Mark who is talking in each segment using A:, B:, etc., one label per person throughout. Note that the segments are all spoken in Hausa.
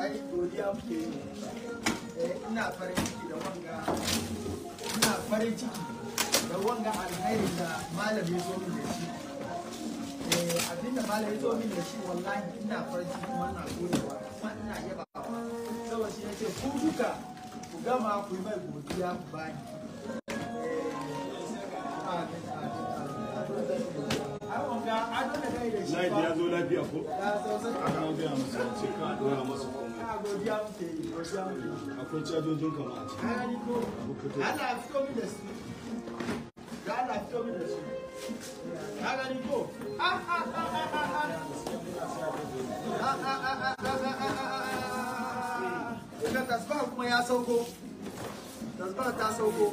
A: ai godiya kuke yi eh, ina farin ciki da wanga ina farin ciki da wanga alkhairi da malam ya zo min da shi eh abin da malam zo min da shi wallahi ina farin ciki kuma ina godewa kuma ina yaba saboda shi ce ku duka ku gama ku yi mai godiya ku bani Laidi ya zo lafiya ko? gaya masa ce ka a dora masa komai. Akwai cajojin kama a ciki. fito min da su. fito min da su. kuma ya sauko. ta sauko.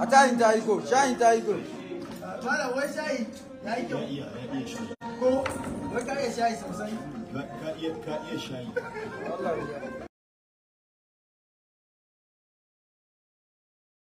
A: a tayin ta yi ko shayin ta yi ko mala wai shayi ya yi kyau ko wai ka iya shayi sosai ka iya shayi